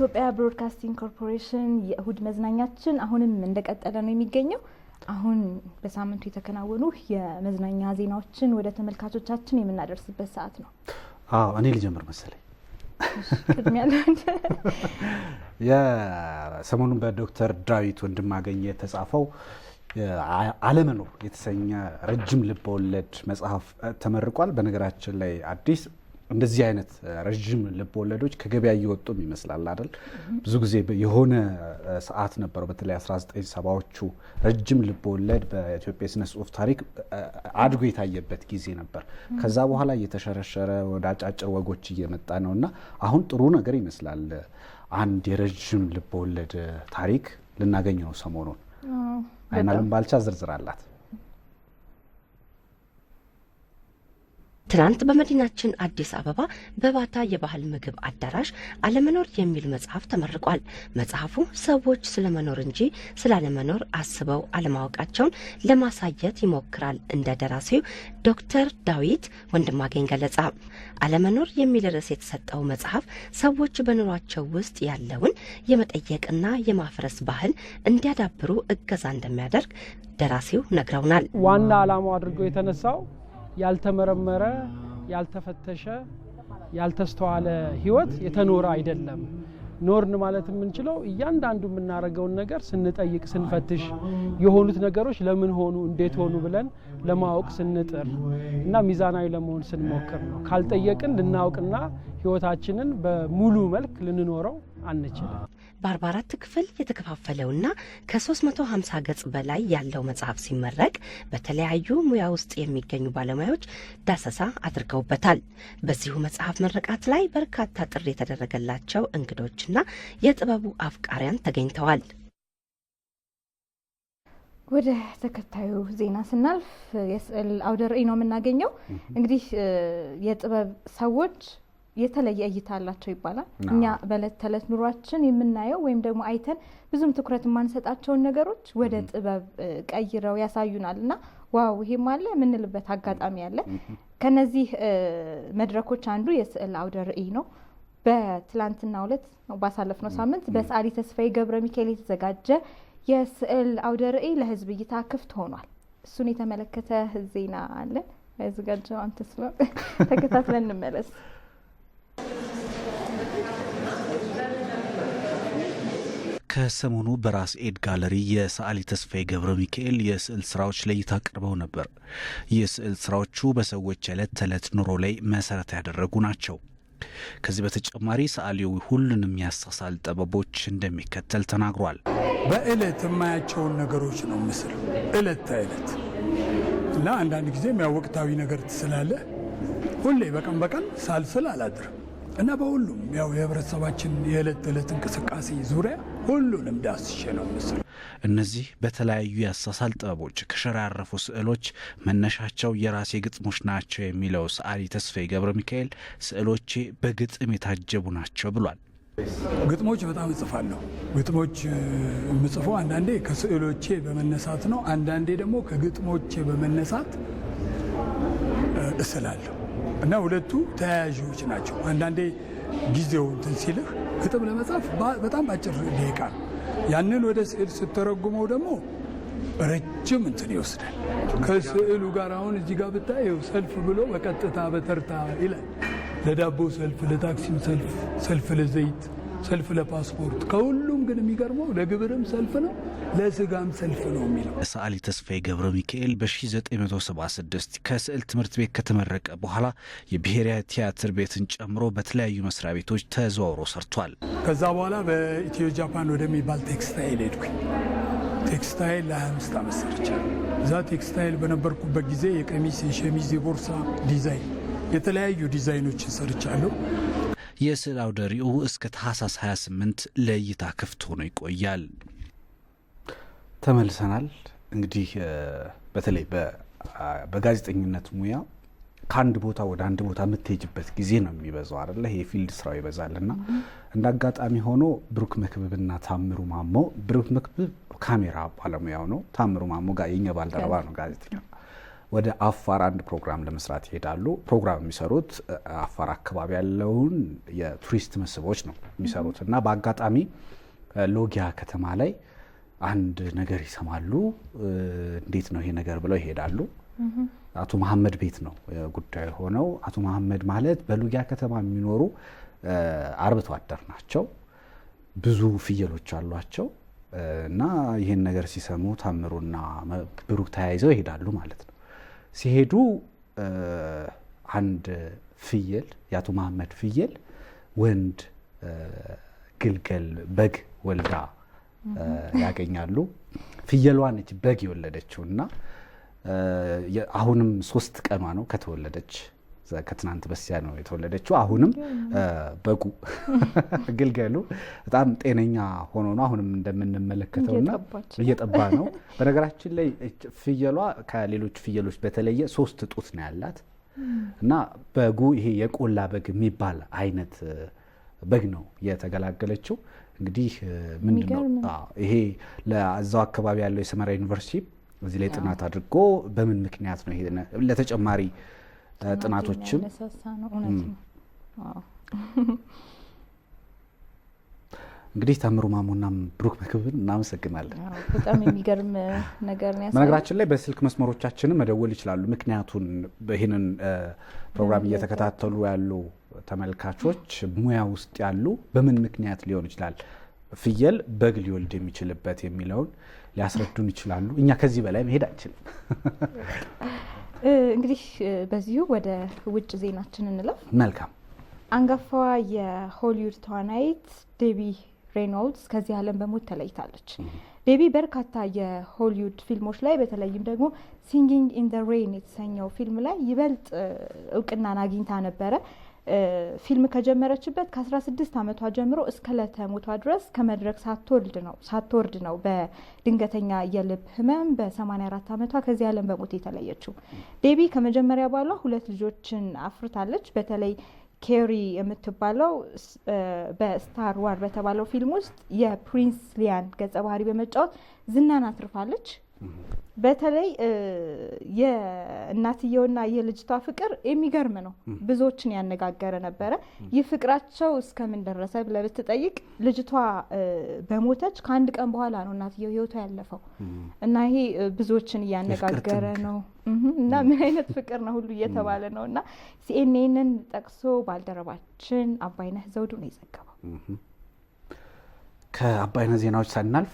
የኢትዮጵያ ብሮድካስቲንግ ኮርፖሬሽን የእሁድ መዝናኛችን አሁንም እንደቀጠለ ነው የሚገኘው። አሁን በሳምንቱ የተከናወኑ የመዝናኛ ዜናዎችን ወደ ተመልካቾቻችን የምናደርስበት ሰዓት ነው። አዎ እኔ ልጀምር መሰለኝ። የሰሞኑን በዶክተር ዳዊት ወንድማገኝ የተጻፈው አለመኖር የተሰኘ ረጅም ልበወለድ መጽሐፍ ተመርቋል። በነገራችን ላይ አዲስ እንደዚህ አይነት ረዥም ልብ ወለዶች ከገበያ እየወጡም ይመስላል አይደል? ብዙ ጊዜ የሆነ ሰዓት ነበረው በተለይ 1970ዎቹ ረጅም ልብ ወለድ በኢትዮጵያ ስነ ጽሁፍ ታሪክ አድጎ የታየበት ጊዜ ነበር። ከዛ በኋላ እየተሸረሸረ ወደ አጫጭር ወጎች እየመጣ ነው እና አሁን ጥሩ ነገር ይመስላል። አንድ የረዥም ልብ ወለድ ታሪክ ልናገኝ ነው ሰሞኑን። አይናለም ባልቻ ዝርዝር አላት። ትናንት በመዲናችን አዲስ አበባ በባታ የባህል ምግብ አዳራሽ አለመኖር የሚል መጽሐፍ ተመርቋል። መጽሐፉ ሰዎች ስለመኖር እንጂ ስላለመኖር አስበው አለማወቃቸውን ለማሳየት ይሞክራል እንደ ደራሲው ዶክተር ዳዊት ወንድማገኝ ገለጻ። አለመኖር የሚል ርዕስ የተሰጠው መጽሐፍ ሰዎች በኑሯቸው ውስጥ ያለውን የመጠየቅና የማፍረስ ባህል እንዲያዳብሩ እገዛ እንደሚያደርግ ደራሲው ነግረውናል። ዋና ዓላማው አድርገው የተነሳው ያልተመረመረ፣ ያልተፈተሸ፣ ያልተስተዋለ ህይወት የተኖረ አይደለም። ኖርን ማለት የምንችለው እያንዳንዱ የምናደርገውን ነገር ስንጠይቅ፣ ስንፈትሽ የሆኑት ነገሮች ለምን ሆኑ፣ እንዴት ሆኑ ብለን ለማወቅ ስንጥር እና ሚዛናዊ ለመሆን ስንሞክር ነው። ካልጠየቅን ልናውቅና ህይወታችንን በሙሉ መልክ ልንኖረው አንችልም። በ44 ክፍል የተከፋፈለውና ከ350 ገጽ በላይ ያለው መጽሐፍ ሲመረቅ በተለያዩ ሙያ ውስጥ የሚገኙ ባለሙያዎች ዳሰሳ አድርገውበታል። በዚሁ መጽሐፍ ምረቃት ላይ በርካታ ጥሪ የተደረገላቸው እንግዶችና የጥበቡ አፍቃሪያን ተገኝተዋል። ወደ ተከታዩ ዜና ስናልፍ የስዕል አውደ ርዕይ ነው የምናገኘው። እንግዲህ የጥበብ ሰዎች የተለየ እይታ አላቸው ይባላል። እኛ በእለት ተዕለት ኑሯችን የምናየው ወይም ደግሞ አይተን ብዙም ትኩረት የማንሰጣቸውን ነገሮች ወደ ጥበብ ቀይረው ያሳዩናል እና ዋው ይሄም አለ የምንልበት አጋጣሚ አለ። ከነዚህ መድረኮች አንዱ የስዕል አውደ ርዕይ ነው። ሁለት ባሳለፍ ባሳለፍነው ሳምንት በሰዓሊ ተስፋዬ ገብረ ሚካኤል የተዘጋጀ የስዕል አውደ ርዕይ ለህዝብ እይታ ክፍት ሆኗል። እሱን የተመለከተ ዜና አለን ያዘጋጀው አንተስ ተከታትለን እንመለስ። ከሰሞኑ በራስ ኤድ ጋለሪ የሰዓሊ ተስፋዬ ገብረ ሚካኤል የስዕል ስራዎች ለእይታ ቀርበው ነበር። የስዕል ስራዎቹ በሰዎች ዕለት ተዕለት ኑሮ ላይ መሰረት ያደረጉ ናቸው። ከዚህ በተጨማሪ ሰዓሊው ሁሉንም ያሳሳል ጥበቦች እንደሚከተል ተናግሯል። በእለት የማያቸውን ነገሮች ነው ምስል እለት ተእለት እና አንዳንድ ጊዜ የሚያወቅታዊ ነገር ትስላለህ። ሁሌ በቀን በቀን ሳልስል አላድርም እና በሁሉም ያው የህብረተሰባችን የዕለት ተዕለት እንቅስቃሴ ዙሪያ ሁሉንም ዳስሼ ነው ምስል። እነዚህ በተለያዩ የአሳሳል ጥበቦች ከሸራረፉ ስዕሎች መነሻቸው የራሴ ግጥሞች ናቸው የሚለው ሰዓሊ ተስፋ ገብረ ሚካኤል ስዕሎቼ በግጥም የታጀቡ ናቸው ብሏል። ግጥሞች በጣም እጽፋለሁ። ግጥሞች የምጽፈው አንዳንዴ ከስዕሎቼ በመነሳት ነው፣ አንዳንዴ ደግሞ ከግጥሞቼ በመነሳት እስላለሁ። እና ሁለቱ ተያያዦች ናቸው። አንዳንዴ ጊዜው እንትን ሲልህ ግጥም ለመጻፍ በጣም አጭር ደቂቃ ነው። ያንን ወደ ስዕል ስተረጉመው ደግሞ ረጅም እንትን ይወስዳል። ከስዕሉ ጋር አሁን እዚህ ጋር ብታየው ሰልፍ ብሎ በቀጥታ በተርታ ይላል። ለዳቦ ሰልፍ፣ ለታክሲም ሰልፍ፣ ሰልፍ ለዘይት ሰልፍ ለፓስፖርት ከሁሉም ግን የሚገርመው ለግብርም ሰልፍ ነው፣ ለስጋም ሰልፍ ነው የሚለው ሰዓሊ ተስፋዬ ገብረ ሚካኤል በ1976 ከስዕል ትምህርት ቤት ከተመረቀ በኋላ የብሔራዊ ቲያትር ቤትን ጨምሮ በተለያዩ መስሪያ ቤቶች ተዘዋውሮ ሰርቷል። ከዛ በኋላ በኢትዮ ጃፓን ወደሚባል ቴክስታይል ሄድኩኝ። ቴክስታይል ለ25 ዓመት ሰርቻለሁ። እዛ ቴክስታይል በነበርኩበት ጊዜ የቀሚስ፣ የሸሚዝ፣ የቦርሳ ዲዛይን የተለያዩ ዲዛይኖችን ሰርቻለሁ። የስዕል አውደ ርዕዩ እስከ ታህሳስ 28 ለእይታ ክፍት ሆኖ ይቆያል። ተመልሰናል። እንግዲህ በተለይ በጋዜጠኝነት ሙያ ከአንድ ቦታ ወደ አንድ ቦታ የምትሄጅበት ጊዜ ነው የሚበዛው አለ የፊልድ ስራው ይበዛል እና እንደ አጋጣሚ ሆኖ ብሩክ መክብብና ታምሩ ማሞ ብሩክ መክብብ ካሜራ ባለሙያው ነው ታምሩ ማሞ የኛ ባልደረባ ነው ጋዜጠኛ ወደ አፋር አንድ ፕሮግራም ለመስራት ይሄዳሉ። ፕሮግራም የሚሰሩት አፋር አካባቢ ያለውን የቱሪስት መስህቦች ነው የሚሰሩት እና በአጋጣሚ ሎጊያ ከተማ ላይ አንድ ነገር ይሰማሉ። እንዴት ነው ይሄ ነገር ብለው ይሄዳሉ። አቶ መሀመድ ቤት ነው ጉዳዩ ሆነው። አቶ መሀመድ ማለት በሎጊያ ከተማ የሚኖሩ አርብቶ አደር ናቸው። ብዙ ፍየሎች አሏቸው እና ይህን ነገር ሲሰሙ ታምሩና ብሩክ ተያይዘው ይሄዳሉ ማለት ነው። ሲሄዱ አንድ ፍየል የአቶ መሐመድ ፍየል ወንድ ግልገል በግ ወልዳ ያገኛሉ። ፍየሏ ነች በግ የወለደችው እና አሁንም ሶስት ቀኗ ነው ከተወለደች ከትናንት በስቲያ ነው የተወለደችው። አሁንም በጉ ግልገሉ በጣም ጤነኛ ሆኖ ነው አሁንም እንደምንመለከተውና እየጠባ ነው። በነገራችን ላይ ፍየሏ ከሌሎች ፍየሎች በተለየ ሶስት ጡት ነው ያላት እና በጉ ይሄ የቆላ በግ የሚባል አይነት በግ ነው የተገላገለችው። እንግዲህ ምንድነው ይሄ ለዛው አካባቢ ያለው የሰመራ ዩኒቨርሲቲ እዚህ ላይ ጥናት አድርጎ በምን ምክንያት ነው ለተጨማሪ ጥናቶችም እንግዲህ ተምሩ ማሞናም ብሩክ ምግብን እናመሰግናለን። በጣም የሚገርም ነገር ነው። በነገራችን ላይ በስልክ መስመሮቻችንም መደወል ይችላሉ። ምክንያቱን ይህንን ፕሮግራም እየተከታተሉ ያሉ ተመልካቾች ሙያ ውስጥ ያሉ በምን ምክንያት ሊሆን ይችላል ፍየል በግ ሊወልድ የሚችልበት የሚለውን ሊያስረዱን ይችላሉ። እኛ ከዚህ በላይ መሄድ አንችልም። እንግዲህ በዚሁ ወደ ውጭ ዜናችን እንለፍ። መልካም። አንጋፋዋ የሆሊውድ ተዋናይት ዴቢ ሬኖልድስ ከዚህ ዓለም በሞት ተለይታለች። ዴቢ በርካታ የሆሊውድ ፊልሞች ላይ በተለይም ደግሞ ሲንጊንግ ኢን ዘ ሬን የተሰኘው ፊልም ላይ ይበልጥ እውቅናን አግኝታ ነበረ። ፊልም ከጀመረችበት ከ16 ዓመቷ ጀምሮ እስከ ለተ ሞቷ ድረስ ከመድረክ ሳትወርድ ነው ሳትወርድ ነው በድንገተኛ የልብ ህመም በ84 ዓመቷ ከዚህ ዓለም በሞት የተለየችው። ዴቢ ከመጀመሪያ ባሏ ሁለት ልጆችን አፍርታለች። በተለይ ኬሪ የምትባለው በስታር ዋር በተባለው ፊልም ውስጥ የፕሪንስ ሊያን ገጸ ባህሪ በመጫወት ዝናን አትርፋለች። በተለይ የእናትየውና የልጅቷ ፍቅር የሚገርም ነው። ብዙዎችን ያነጋገረ ነበረ። ይህ ፍቅራቸው እስከምን ደረሰ ብለህ ብትጠይቅ ልጅቷ በሞተች ከአንድ ቀን በኋላ ነው እናትየው ህይወቷ ያለፈው እና ይሄ ብዙዎችን እያነጋገረ ነው እና ምን አይነት ፍቅር ነው ሁሉ እየተባለ ነው እና ሲኤንኤንን ጠቅሶ ባልደረባችን አባይነህ ዘውዱ ነው የዘገበው። ከአባይነ ዜናዎች ሳናልፍ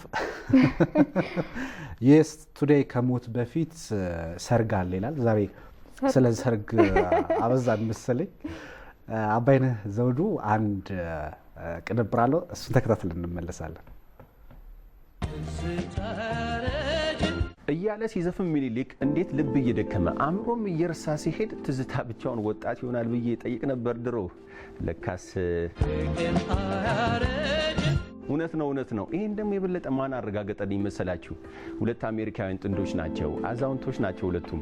የስ ቱዴይ ከሞት በፊት uh, ሰርግ አለ ይላል። ዛሬ ስለ ሰርግ uh, አበዛን መሰለኝ። uh, አባይነ ዘውዱ አንድ ቅንብር አለው። እሱን ተከታትል እንመለሳለን። እያለ ሲዘፍን ሚኒሊክ እንዴት ልብ እየደከመ አእምሮም እየርሳ ሲሄድ ትዝታ ብቻውን ወጣት ይሆናል ብዬ ጠይቅ ነበር ድሮ ለካስ እውነት ነው፣ እውነት ነው። ይሄን ደግሞ የበለጠ ማን አረጋገጠልኝ መሰላችሁ? ሁለት አሜሪካውያን ጥንዶች ናቸው። አዛውንቶች ናቸው ሁለቱም።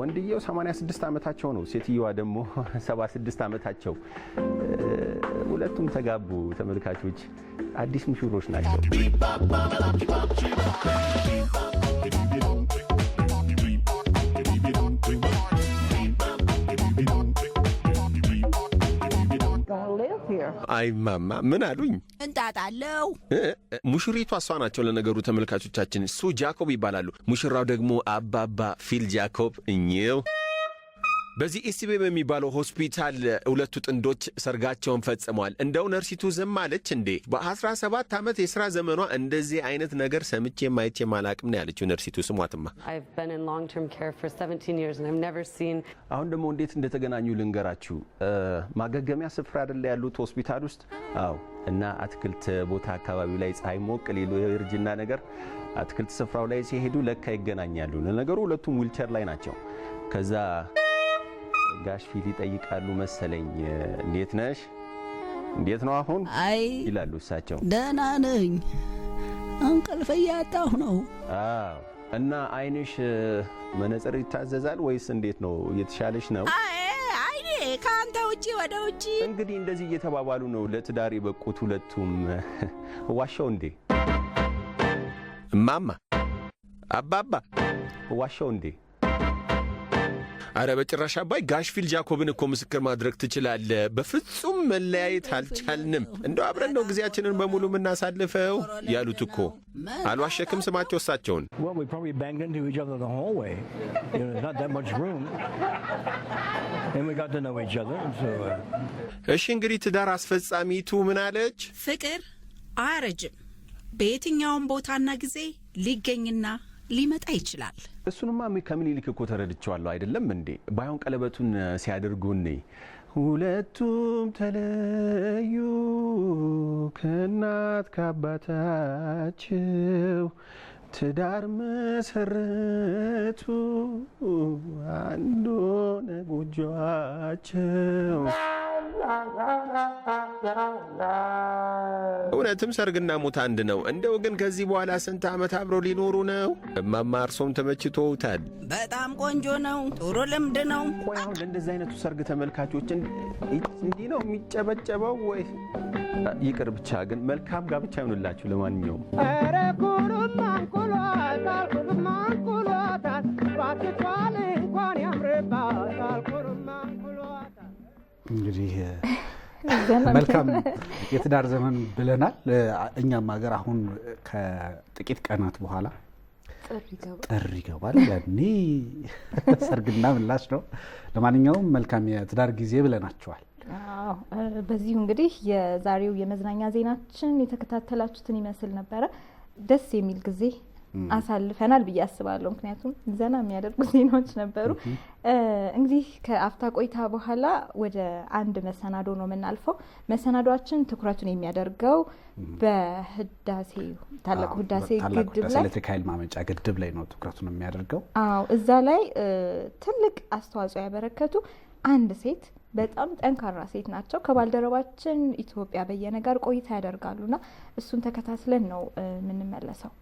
ወንድየው 86 ዓመታቸው ነው፣ ሴትየዋ ደግሞ 76 ዓመታቸው። ሁለቱም ተጋቡ። ተመልካቾች አዲስ ምሽሮች ናቸው። አይ ማማ ምን አሉኝ? እንጣጣለው። ሙሽሪቷ እሷ ናቸው። ለነገሩ ተመልካቾቻችን፣ እሱ ጃኮብ ይባላሉ። ሙሽራው ደግሞ አባባ ፊል ጃኮብ እኚው በዚህ ኢሲቤ የሚባለው ሆስፒታል ሁለቱ ጥንዶች ሰርጋቸውን ፈጽመዋል። እንደው ነርሲቱ ዝም አለች እንዴ? በ17 ዓመት የስራ ዘመኗ እንደዚህ አይነት ነገር ሰምቼ ማየቼ አላቅም ነው ያለችው ነርሲቱ። ስሟትማ። አሁን ደግሞ እንዴት እንደተገናኙ ልንገራችሁ። ማገገሚያ ስፍራ አይደለ ያሉት ሆስፒታል ውስጥ? አዎ። እና አትክልት ቦታ አካባቢው ላይ ፀሐይ ሞቅ ሌሎ የእርጅና ነገር አትክልት ስፍራው ላይ ሲሄዱ ለካ ይገናኛሉ። ለነገሩ ሁለቱም ዊልቸር ላይ ናቸው። ከዛ ጋሽ ፊል ይጠይቃሉ መሰለኝ። እንዴት ነሽ? እንዴት ነው አሁን? አይ ይላሉ እሳቸው። ደህና ነኝ፣ እንቅልፍ እያጣሁ ነው። አዎ። እና አይንሽ መነጽር ይታዘዛል ወይስ እንዴት ነው? እየተሻለሽ ነው? አይኔ ከአንተ ውጪ ወደ ውጪ። እንግዲህ እንደዚህ እየተባባሉ ነው ለትዳር የበቁት ሁለቱም። ዋሻው እንዴ እማማ አባባ ዋሻው እንዴ አረ በጭራሽ አባይ ጋሽፊል ጃኮብን እኮ ምስክር ማድረግ ትችላለ በፍጹም መለያየት አልቻልንም፣ እንደ አብረን ነው ጊዜያችንን በሙሉ የምናሳልፈው ያሉት እኮ አልዋሸክም። ስማቸው እሳቸውን uh, እሺ። እንግዲህ ትዳር አስፈጻሚቱ ምን አለች? ፍቅር አያረጅም፣ በየትኛውም ቦታና ጊዜ ሊገኝና ሊመጣ ይችላል። እሱንማ ከምኒልክ እኮ ተረድቸዋለሁ። አይደለም እንዴ ባይሆን ቀለበቱን ሲያደርጉን ሁለቱም ተለዩ ከእናት ከአባታቸው ትዳር መሰረቱ አንዱ ነጎጇቸው። እውነትም ሰርግና ሞት አንድ ነው። እንደው ግን ከዚህ በኋላ ስንት ዓመት አብረው ሊኖሩ ነው? እማማ እርሶም ተመችቶውታል። በጣም ቆንጆ ነው። ጥሩ ልምድ ነው። ቆይ አሁን ለእንደዚህ አይነቱ ሰርግ ተመልካቾች እንዲህ ነው የሚጨበጨበው ወይ? ይቅር ብቻ ግን መልካም ጋብቻ ይሆንላችሁ። ለማንኛውም እንግዲህ መልካም የትዳር ዘመን ብለናል። እኛም ሀገር አሁን ከጥቂት ቀናት በኋላ ጥር ይገባል። ያኔ ሰርግና ምላሽ ነው። ለማንኛውም መልካም የትዳር ጊዜ ብለናቸዋል። በዚሁ እንግዲህ የዛሬው የመዝናኛ ዜናችን የተከታተላችሁትን ይመስል ነበረ። ደስ የሚል ጊዜ አሳልፈናል ብዬ አስባለሁ። ምክንያቱም ዘና የሚያደርጉ ዜናዎች ነበሩ። እንግዲህ ከአፍታ ቆይታ በኋላ ወደ አንድ መሰናዶ ነው የምናልፈው። መሰናዷችን ትኩረቱን የሚያደርገው በህዳሴ ታላቁ ህዳሴ ግድብ ላይ ኤሌክትሪክ ኃይል ማመንጫ ግድብ ላይ ነው ትኩረቱን የሚያደርገው። አዎ እዛ ላይ ትልቅ አስተዋጽኦ ያበረከቱ አንድ ሴት በጣም ጠንካራ ሴት ናቸው። ከባልደረባችን ኢትዮጵያ በየነ ጋር ቆይታ ያደርጋሉና እሱን ተከታትለን ነው የምንመለሰው።